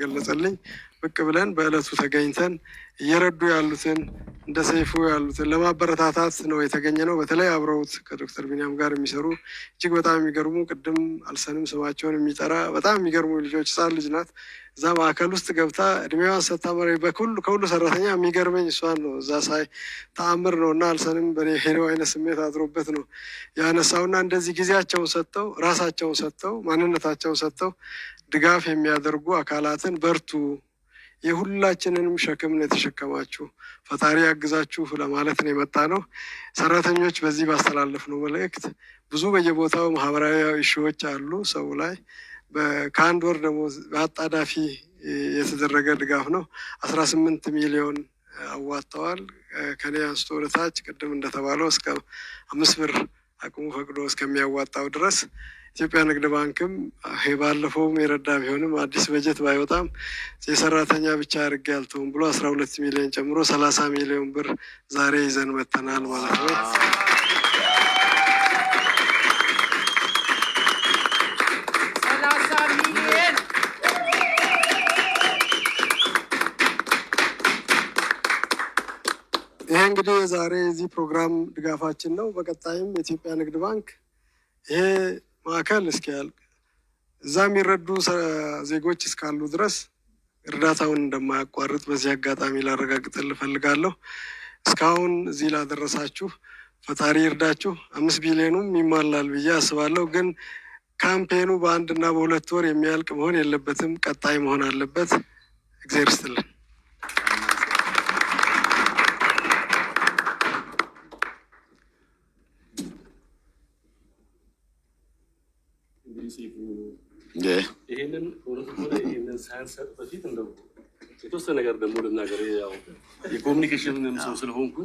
ገለጸልኝ። ብቅ ብለን በእለቱ ተገኝተን እየረዱ ያሉትን እንደ ሰይፉ ያሉትን ለማበረታታት ነው የተገኘ ነው። በተለይ አብረውት ከዶክተር ቢኒያም ጋር የሚሰሩ እጅግ በጣም የሚገርሙ ቅድም አልሰንም ስማቸውን የሚጠራ በጣም የሚገርሙ ልጆች፣ ህጻን ልጅ ናት። እዛ ማዕከል ውስጥ ገብታ እድሜዋን ስታመሪ ከሁሉ ሰራተኛ የሚገርመኝ እሷን ነው። እዛ ሳይ ተአምር ነው እና አልሰንም በሄሬው አይነት ስሜት አድሮበት ነው ያነሳውና እንደዚህ ጊዜያቸውን ሰጥተው ራሳቸውን ሰጥተው ማንነታቸውን ሰጥተው ድጋፍ የሚያደርጉ አካላትን በርቱ፣ የሁላችንንም ሸክም ነው የተሸከማችሁ፣ ፈጣሪ ያግዛችሁ ለማለት ነው የመጣ ነው። ሰራተኞች በዚህ ባስተላለፍ ነው መልእክት ብዙ በየቦታው ማህበራዊ እሺዎች አሉ ሰው ላይ ከአንድ ወር ደግሞ በአጣዳፊ የተደረገ ድጋፍ ነው። አስራ ስምንት ሚሊዮን አዋጥተዋል። ከኔ አንስቶ ወደታች ቅድም እንደተባለው እስከ አምስት ብር አቅሙ ፈቅዶ እስከሚያዋጣው ድረስ ኢትዮጵያ ንግድ ባንክም ይሄ ባለፈውም የረዳ ቢሆንም አዲስ በጀት ባይወጣም የሰራተኛ ብቻ አድርጌ ያልተውም ብሎ አስራ ሁለት ሚሊዮን ጨምሮ ሰላሳ ሚሊዮን ብር ዛሬ ይዘን መተናል ማለት ነው። ይሄ እንግዲህ ዛሬ የዚህ ፕሮግራም ድጋፋችን ነው። በቀጣይም የኢትዮጵያ ንግድ ባንክ ይሄ ማዕከል እስኪያልቅ እዛ የሚረዱ ዜጎች እስካሉ ድረስ እርዳታውን እንደማያቋርጥ በዚህ አጋጣሚ ላረጋግጥል እፈልጋለሁ። እስካሁን እዚህ ላደረሳችሁ ፈጣሪ ይርዳችሁ። አምስት ቢሊዮኑም ይሟላል ብዬ አስባለሁ። ግን ካምፔኑ በአንድና በሁለት ወር የሚያልቅ መሆን የለበትም፣ ቀጣይ መሆን አለበት። እግዜር ይስጥልን። ሊጽፉ ይሄንን እውነት ሆነ ሳያንሰጥ በፊት እንደው የተወሰነ ነገር ደግሞ ልናገር። ያው የኮሚኒኬሽን ሰው ስለሆንኩ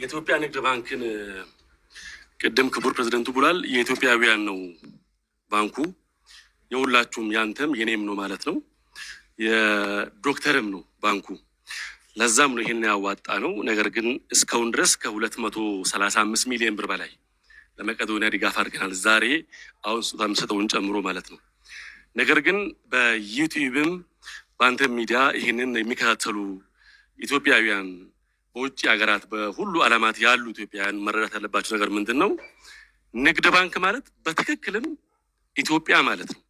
የኢትዮጵያ ንግድ ባንክን ቅድም ክቡር ፕሬዚደንቱ ብሏል። የኢትዮጵያውያን ነው ባንኩ፣ የሁላችሁም ያንተም የኔም ነው ማለት ነው። የዶክተርም ነው ባንኩ። ለዛም ነው ይህን ያዋጣ ነው። ነገር ግን እስካሁን ድረስ ከሁለት መቶ ሰላሳ አምስት ሚሊዮን ብር በላይ ለመቄዶንያ ድጋፍ አድርገናል። ዛሬ አሁን ስጦታ የምሰጠውን ጨምሮ ማለት ነው። ነገር ግን በዩቲዩብም በአንተ ሚዲያ ይህንን የሚከታተሉ ኢትዮጵያውያን በውጭ ሀገራት በሁሉ ዓለማት ያሉ ኢትዮጵያውያን መረዳት ያለባቸው ነገር ምንድን ነው? ንግድ ባንክ ማለት በትክክልም ኢትዮጵያ ማለት ነው።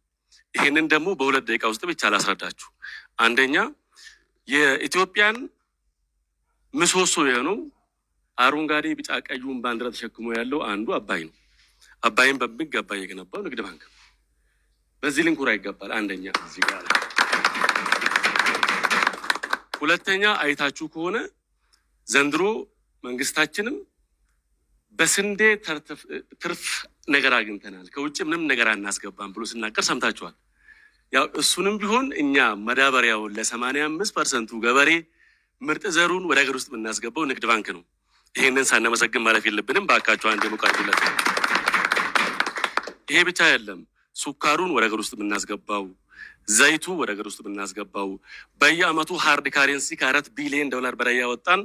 ይህንን ደግሞ በሁለት ደቂቃ ውስጥ ብቻ ላስረዳችሁ። አንደኛ የኢትዮጵያን ምሰሶ የሆነው አረንጓዴ፣ ቢጫ ቀዩን ባንዲራ ተሸክሞ ያለው አንዱ አባይ ነው። አባይን በሚገባ የገነባው ንግድ ባንክ በዚህ ልንኩራ ይገባል። አንደኛ እዚህ ጋር ሁለተኛ አይታችሁ ከሆነ ዘንድሮ መንግስታችንም በስንዴ ትርፍ ነገር አግኝተናል፣ ከውጭ ምንም ነገር አናስገባም ብሎ ስናገር ሰምታችኋል። ያው እሱንም ቢሆን እኛ መዳበሪያውን ለሰማንያ አምስት ፐርሰንቱ ገበሬ ምርጥ ዘሩን ወደ ሀገር ውስጥ የምናስገባው ንግድ ባንክ ነው። ይህንን ሳናመሰግን ማለፍ የለብንም። በአካቸው አንድ ሙቃዱለት ይሄ ብቻ አይደለም። ሱካሩን ወደ ሀገር ውስጥ የምናስገባው ዘይቱ ወደ ሀገር ውስጥ የምናስገባው በየአመቱ ሀርድ ካሬንሲ ከአራት ቢሊዮን ዶላር በላይ ያወጣን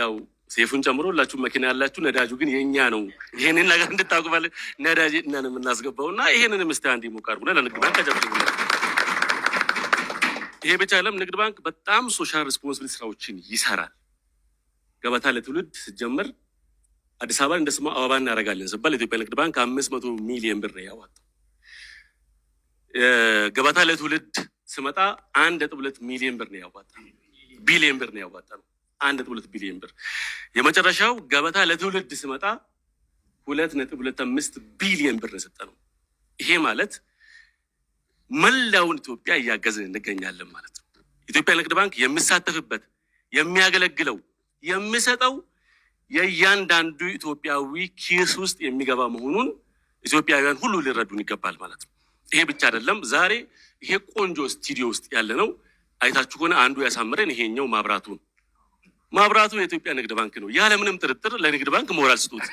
ያው ሴፉን ጨምሮ ሁላችሁም መኪና ያላችሁ ነዳጁ ግን የኛ ነው። ይህንን ነገር እንድታቁባለ ነዳጅ ነን የምናስገባው እና ይህንን ምስቲ አንድ ሞቃር ብለ ለንግድ ባንክ አጨብ ይሄ ብቻ አይደለም። ንግድ ባንክ በጣም ሶሻል ሪስፖንስብል ስራዎችን ይሰራል። ገበታ ለትውልድ ስጀምር አዲስ አበባን እንደ ስሟ አበባ እናደርጋለን ስባል ኢትዮጵያ ንግድ ባንክ አምስት መቶ ሚሊዮን ብር ያዋጣው ገበታ ለትውልድ ስመጣ አንድ ነጥብ ሁለት ሚሊዮን ብር ነው ያዋጣ ቢሊዮን ብር ነው ያዋጣ ነው አንድ ነጥብ ሁለት ቢሊዮን ብር። የመጨረሻው ገበታ ለትውልድ ስመጣ ሁለት ነጥብ ሁለት አምስት ቢሊዮን ብር የሰጠ ነው። ይሄ ማለት መላውን ኢትዮጵያ እያገዝን እንገኛለን ማለት ነው። ኢትዮጵያ ንግድ ባንክ የሚሳተፍበት የሚያገለግለው የምሰጠው የእያንዳንዱ ኢትዮጵያዊ ኪስ ውስጥ የሚገባ መሆኑን ኢትዮጵያውያን ሁሉ ሊረዱን ይገባል ማለት ነው። ይሄ ብቻ አይደለም። ዛሬ ይሄ ቆንጆ ስቱዲዮ ውስጥ ያለ ነው። አይታችሁ ከሆነ አንዱ ያሳምረን ይሄኛው ነው። ማብራቱ የኢትዮጵያ ንግድ ባንክ ነው። ያለምንም ጥርጥር ለንግድ ባንክ ሞራል ስጡት።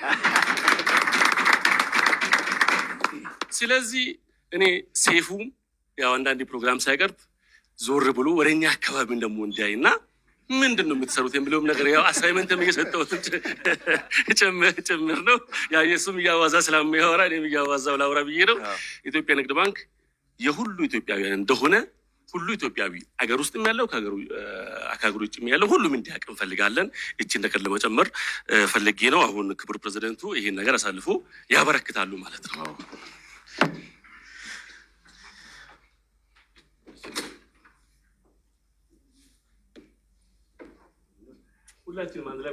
ስለዚህ እኔ ሴፉ ያው አንዳንድ ፕሮግራም ሳይቀርብ ዞር ብሎ ወደኛ አካባቢ ደግሞ እንዲያይና ምንድን ነው የምትሰሩት የሚለውም ነገር ያው አሳይመንትም እየሰጠሁት ጭምር ነው። ያ የእሱም እያዋዛ ስለሚያወራ እኔም እያዋዛው ላውራ ብዬ ነው። ኢትዮጵያ ንግድ ባንክ የሁሉ ኢትዮጵያውያን እንደሆነ ሁሉ ኢትዮጵያዊ አገር ውስጥም ያለው ከሀገር ውጭም ያለው ሁሉም እንዲያውቅ እንፈልጋለን። እችን ነገር ለመጨመር ፈልጌ ነው። አሁን ክቡር ፕሬዚደንቱ ይህን ነገር አሳልፎ ያበረክታሉ ማለት ነው። ሁላችንም አንድ ላይ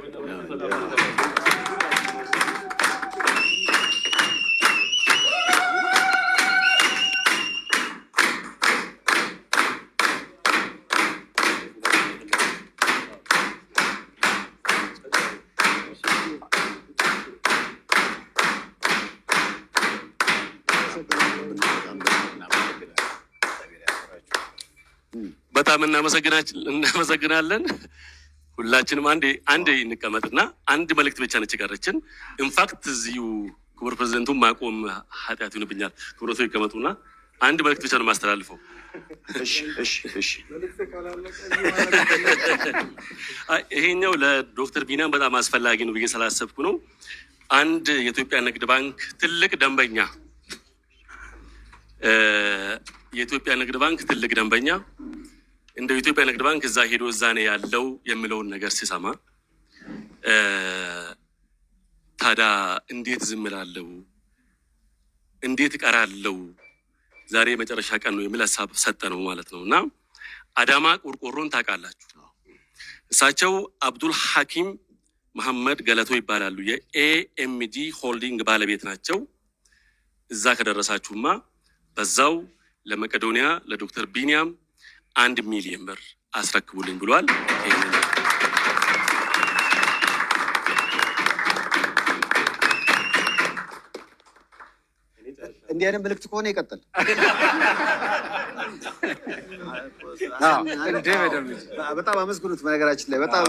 በጣም እናመሰግናለን። ሁላችንም አን አንድ እንቀመጥና አንድ መልእክት ብቻ ነች ቀረችን። ኢንፋክት እዚሁ ክቡር ፕሬዚደንቱ ማቆም ኃጢአት ይሆንብኛል። ክብረቶ ይቀመጡና አንድ መልእክት ብቻ ነው የማስተላልፈው። ይሄኛው ለዶክተር ቢኒያም በጣም አስፈላጊ ነው ብዬ ስላሰብኩ ነው። አንድ የኢትዮጵያ ንግድ ባንክ ትልቅ ደንበኛ የኢትዮጵያ ንግድ ባንክ ትልቅ ደንበኛ እንደ ኢትዮጵያ ንግድ ባንክ እዛ ሄዶ እዛ ነው ያለው የሚለውን ነገር ሲሰማ ታዲያ እንዴት ዝም እላለሁ? እንዴት እቀራለሁ? ዛሬ የመጨረሻ ቀን ነው የሚል ሀሳብ ሰጠ ነው ማለት ነው። እና አዳማ ቆርቆሮን ታውቃላችሁ። እሳቸው አብዱል ሐኪም መሐመድ ገለቶ ይባላሉ። የኤኤምዲ ሆልዲንግ ባለቤት ናቸው። እዛ ከደረሳችሁማ በዛው ለመቄዶንያ ለዶክተር ቢኒያም አንድ ሚሊዮን ብር አስረክቡልኝ ብሏል። እንዲህ አይነት ምልክት ከሆነ ይቀጥል። በጣም አመስግኑት። በነገራችን ላይ በጣም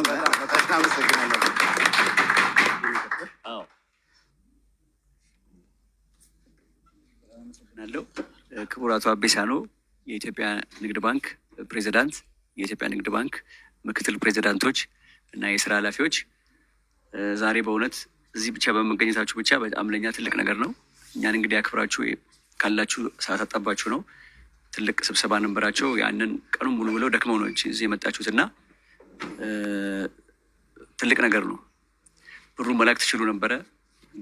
አመሰግናለሁ። ክቡር አቶ አቤሳኖ የኢትዮጵያ ንግድ ባንክ ፕሬዚዳንት፣ የኢትዮጵያ ንግድ ባንክ ምክትል ፕሬዚዳንቶች እና የስራ ኃላፊዎች ዛሬ በእውነት እዚህ ብቻ በመገኘታችሁ ብቻ በጣም ለኛ ትልቅ ነገር ነው። እኛን እንግዲህ ያክብራችሁ ካላችሁ ሰዓት አጣባችሁ ነው። ትልቅ ስብሰባ ነበራቸው። ያንን ቀኑን ሙሉ ብለው ደክመው ነው እዚህ የመጣችሁት እና ትልቅ ነገር ነው። ብሩን መላክ ትችሉ ነበረ፣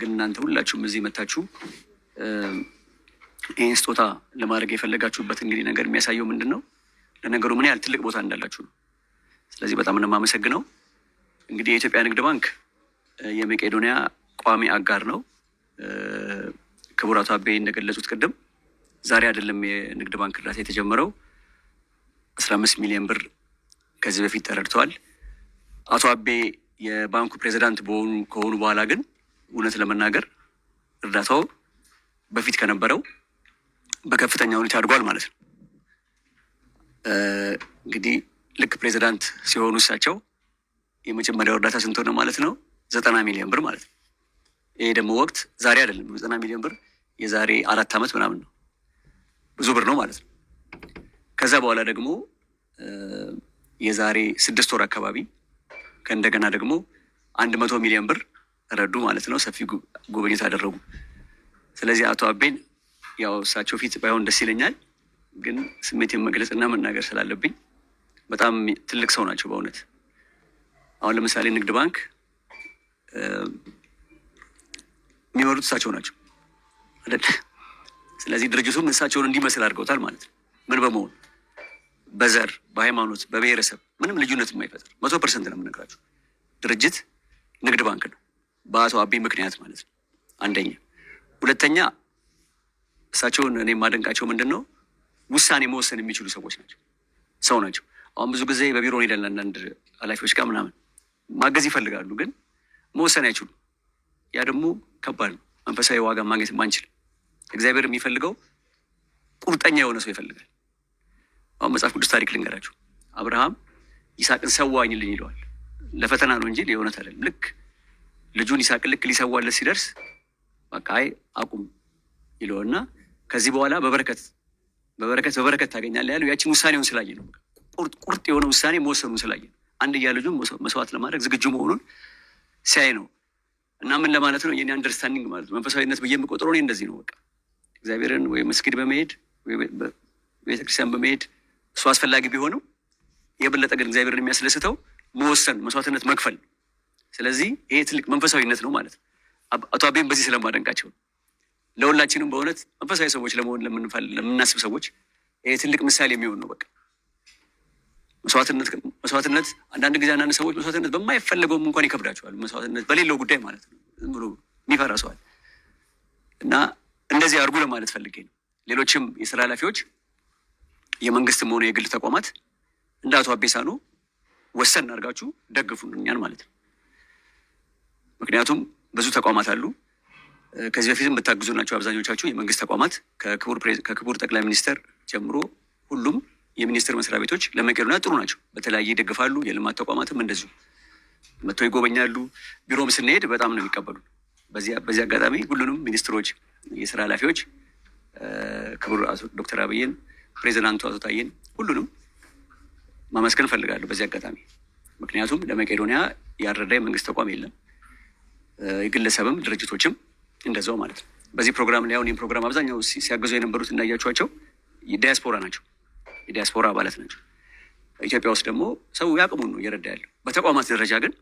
ግን እናንተ ሁላችሁም እዚህ መታችሁ ይህን ስጦታ ለማድረግ የፈለጋችሁበት እንግዲህ ነገር የሚያሳየው ምንድን ነው? ለነገሩ ምን ያህል ትልቅ ቦታ እንዳላችሁ ነው። ስለዚህ በጣም እንደማመሰግነው እንግዲህ የኢትዮጵያ ንግድ ባንክ የመቄዶንያ ቋሚ አጋር ነው። ክቡር አቶ አቤ እንደገለጹት ቅድም ዛሬ አይደለም የንግድ ባንክ እርዳታ የተጀመረው፣ አስራ አምስት ሚሊዮን ብር ከዚህ በፊት ተረድተዋል። አቶ አቤ የባንኩ ፕሬዚዳንት ከሆኑ በኋላ ግን እውነት ለመናገር እርዳታው በፊት ከነበረው በከፍተኛ ሁኔታ አድጓል ማለት ነው። እንግዲህ ልክ ፕሬዚዳንት ሲሆኑ እሳቸው የመጀመሪያው እርዳታ ስንት ሆነ ማለት ነው? ዘጠና ሚሊዮን ብር ማለት ነው። ይሄ ደግሞ ወቅት ዛሬ አይደለም። ዘጠና ሚሊዮን ብር የዛሬ አራት ዓመት ምናምን ነው። ብዙ ብር ነው ማለት ነው። ከዛ በኋላ ደግሞ የዛሬ ስድስት ወር አካባቢ ከእንደገና ደግሞ አንድ መቶ ሚሊዮን ብር ረዱ ማለት ነው። ሰፊ ጉብኝት አደረጉ። ስለዚህ አቶ አቤን ያው እሳቸው ፊት ባይሆን ደስ ይለኛል ግን ስሜት መግለጽና መናገር ስላለብኝ በጣም ትልቅ ሰው ናቸው በእውነት። አሁን ለምሳሌ ንግድ ባንክ የሚመሩት እሳቸው ናቸው አይደል? ስለዚህ ድርጅቱም እሳቸውን እንዲመስል አድርገውታል ማለት ነው። ምን በመሆን በዘር በሃይማኖት በብሔረሰብ ምንም ልዩነት የማይፈጥር መቶ ፐርሰንት ነው የምነግራቸው ድርጅት ንግድ ባንክ ነው። በአቶ አቤ ምክንያት ማለት ነው አንደኛ። ሁለተኛ እሳቸውን እኔ የማደንቃቸው ምንድን ነው ውሳኔ መወሰን የሚችሉ ሰዎች ናቸው ሰው ናቸው። አሁን ብዙ ጊዜ በቢሮ ሄደን አንዳንድ ኃላፊዎች ጋር ምናምን ማገዝ ይፈልጋሉ፣ ግን መወሰን አይችሉ ያ ደግሞ ከባድ ነው። መንፈሳዊ ዋጋ ማግኘት ማንችል እግዚአብሔር የሚፈልገው ቁርጠኛ የሆነ ሰው ይፈልጋል። አሁን መጽሐፍ ቅዱስ ታሪክ ልንገራችሁ። አብርሃም ይስሐቅን ሰዋኝልኝ ይለዋል። ለፈተና ነው እንጂ የእውነት አይደለም። ልክ ልጁን ይስሐቅን ልክ ሊሰዋለት ሲደርስ በቃ አይ አቁም ይለውና ከዚህ በኋላ በበረከት በበረከት በበረከት ታገኛለህ ያለው ያችን ውሳኔውን ስላየ ነው። ቁርጥ የሆነ ውሳኔ መወሰኑን ስላየ ነው። አንድያ ልጁን መስዋዕት ለማድረግ ዝግጁ መሆኑን ሲያይ ነው። እና ምን ለማለት ነው የኔ አንደርስታንዲንግ ማለት ነው መንፈሳዊነት ብዬ የምቆጥሮ እኔ እንደዚህ ነው። በቃ እግዚአብሔርን ወይ መስጊድ በመሄድ ቤተክርስቲያን በመሄድ እሱ አስፈላጊ ቢሆንም የበለጠ ግን እግዚአብሔርን የሚያስደስተው መወሰን፣ መስዋዕትነት መክፈል። ስለዚህ ይሄ ትልቅ መንፈሳዊነት ነው ማለት ነው። አቶ አቤም በዚህ ስለማደንቃቸው ለሁላችንም በእውነት መንፈሳዊ ሰዎች ለመሆን ለምናስብ ሰዎች ይሄ ትልቅ ምሳሌ የሚሆን ነው። በቃ መስዋዕትነት አንዳንድ ጊዜ አንዳንድ ሰዎች መስዋዕትነት በማይፈለገውም እንኳን ይከብዳቸዋል። መስዋዕትነት በሌለው ጉዳይ ማለት ነው ብሎ የሚፈራ ሰዋል እና እንደዚህ አድርጉ ለማለት ፈልጌ ነው። ሌሎችም የስራ ኃላፊዎች የመንግስትም ሆነ የግል ተቋማት እንደ አቶ አቤሳ ነው ወሰን አድርጋችሁ ደግፉን እኛን ማለት ነው። ምክንያቱም ብዙ ተቋማት አሉ ከዚህ በፊትም የምታግዙ ናቸው አብዛኞቻችሁ የመንግስት ተቋማት ከክቡር ጠቅላይ ሚኒስተር ጀምሮ ሁሉም የሚኒስትር መስሪያ ቤቶች ለመቄዶንያ ጥሩ ናቸው። በተለያየ ይደግፋሉ። የልማት ተቋማትም እንደዚሁ መጥተው ይጎበኛሉ። ቢሮም ስንሄድ በጣም ነው የሚቀበሉ። በዚህ አጋጣሚ ሁሉንም ሚኒስትሮች፣ የስራ ኃላፊዎች ክቡር ዶክተር አብይን፣ ፕሬዚዳንቱ አቶ ታዬን ሁሉንም ማመስገን እፈልጋለሁ በዚህ አጋጣሚ ምክንያቱም ለመቄዶንያ ያረዳ የመንግስት ተቋም የለም። የግለሰብም ድርጅቶችም እንደዛው ማለት ነው። በዚህ ፕሮግራም ላይ አሁን ይህ ፕሮግራም አብዛኛው ሲያግዙ የነበሩት እንዳያቸኋቸው ዲያስፖራ ናቸው፣ የዲያስፖራ አባላት ናቸው። ኢትዮጵያ ውስጥ ደግሞ ሰው ያቅሙን ነው እየረዳ ያለው። በተቋማት ደረጃ ግን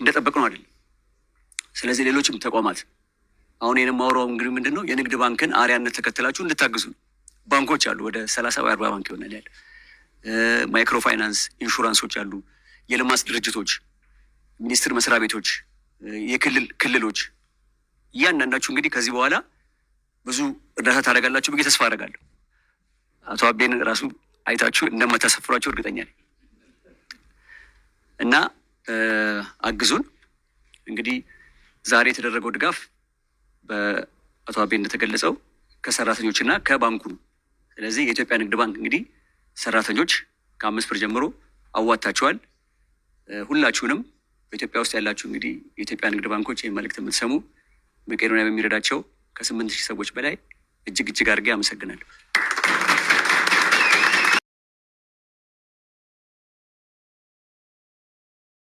እንደጠበቅ ነው አይደለም። ስለዚህ ሌሎችም ተቋማት አሁን ይህን የማወራው እንግዲህ ምንድን ነው የንግድ ባንክን አሪያነት ተከትላችሁ እንድታግዙ ባንኮች አሉ። ወደ ሰላሳ ወይ አርባ ባንክ ይሆናል ያለ ማይክሮ ፋይናንስ ኢንሹራንሶች አሉ። የልማት ድርጅቶች፣ ሚኒስቴር መስሪያ ቤቶች የክልል ክልሎች እያንዳንዳችሁ እንግዲህ ከዚህ በኋላ ብዙ እርዳታ ታደርጋላችሁ ብዬ ተስፋ አደርጋለሁ። አቶ አቤን ራሱ አይታችሁ እንደማታሰፍሯቸው እርግጠኛ ነኝ እና አግዙን። እንግዲህ ዛሬ የተደረገው ድጋፍ በአቶ አቤ እንደተገለጸው ከሰራተኞች እና ከባንኩ ነው። ስለዚህ የኢትዮጵያ ንግድ ባንክ እንግዲህ ሰራተኞች ከአምስት ብር ጀምሮ አዋታችኋል ሁላችሁንም በኢትዮጵያ ውስጥ ያላችሁ እንግዲህ የኢትዮጵያ ንግድ ባንኮች ይህን መልእክት የምትሰሙ መቄዶንያ በሚረዳቸው ከስምንት ሺህ ሰዎች በላይ እጅግ እጅግ አድርጌ አመሰግናለሁ።